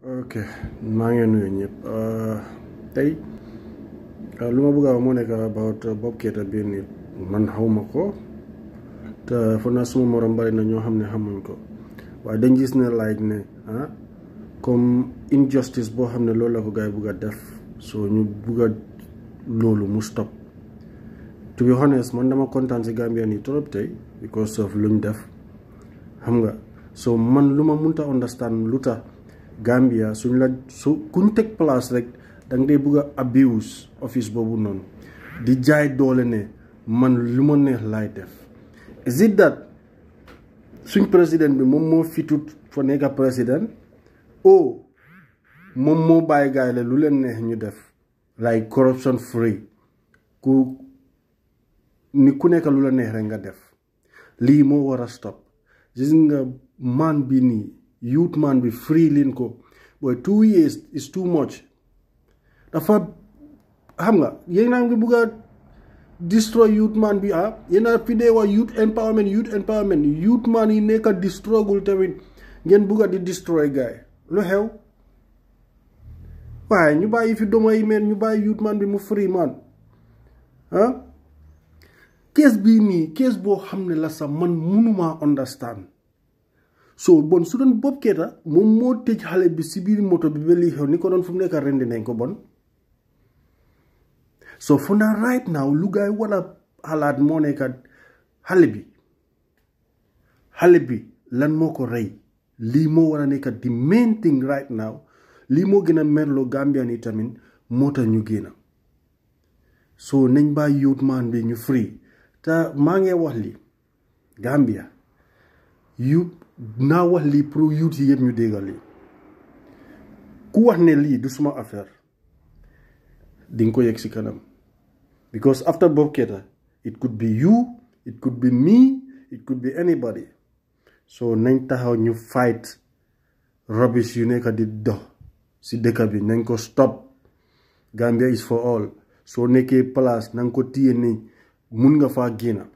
ok maa ngi nuyu ñëpp euh, tey euh, lu ma bëgg a wax moo nekk about euh, Bob Keita bii nii man xawma ko te foog naa suma moroom bari na ñoo xam ne xamuñ ko waaye dañ gis ne laaj ne ah comme injustice boo xam ne loolu la ko gars yi bëgg a def soo ñu bëgg a loolu mu stop to be honest man dama kontaan si Gambien yi trop tey because of luñ def xam nga so man lu ma mënta understand lu tax Gambia suñ la su kuñ teg place rek da nga dee a abuse office boobu noonu di jaay doole ne man lu ma neex lay def is it that suñ président bi moom moo fitut fa nekka président o oh, moom moo bàyyi gaay la lu leen neex ñu def like corruption free ku ni ku nekk lu la neex rek nga def lii moo war a stop gis nga maan bi nii youth man bi free leen ko booy two years is too much dafa xam nga yéen a ngi bugg a destroy youth man bi ah yéen a fi youth empowerment youth empowerment youth man yi nekk di ngeen bugg a destroy gaay lu xew waaye ñu bàyyi fi doomu yi meen ñu bàyyi youth man bi mu free man ah kees nii kees boo xam ne la sax man mënumaa understand so bon su doon Bob Keita moom moo tëj xale bi ci biir moto bi ba lii xew ni ko doon fu mu nekk nañ ko bon so for now right now lu gaay war a xalaat moo nekkat xale bi xale bi lan moo ko rey lii moo war a nekkat the main thing right now lii moo gën a merloo Gambian yi tamit moo tax ñu génn so nañ bàyyi youth man bi ñu free te maa ngi wax li Gambia yu na wax li pro yuut yeb ñu dégal li ku wax né li du suma affaire ding ko si kanam because after Bob keta it could be you it could be me it could be anybody so nañ taxaw ñu fight rubbish yu nekk di dox si dekk bi nañ ko stop Gambia is for all So nekké place nang ko tiyé ni mën nga fa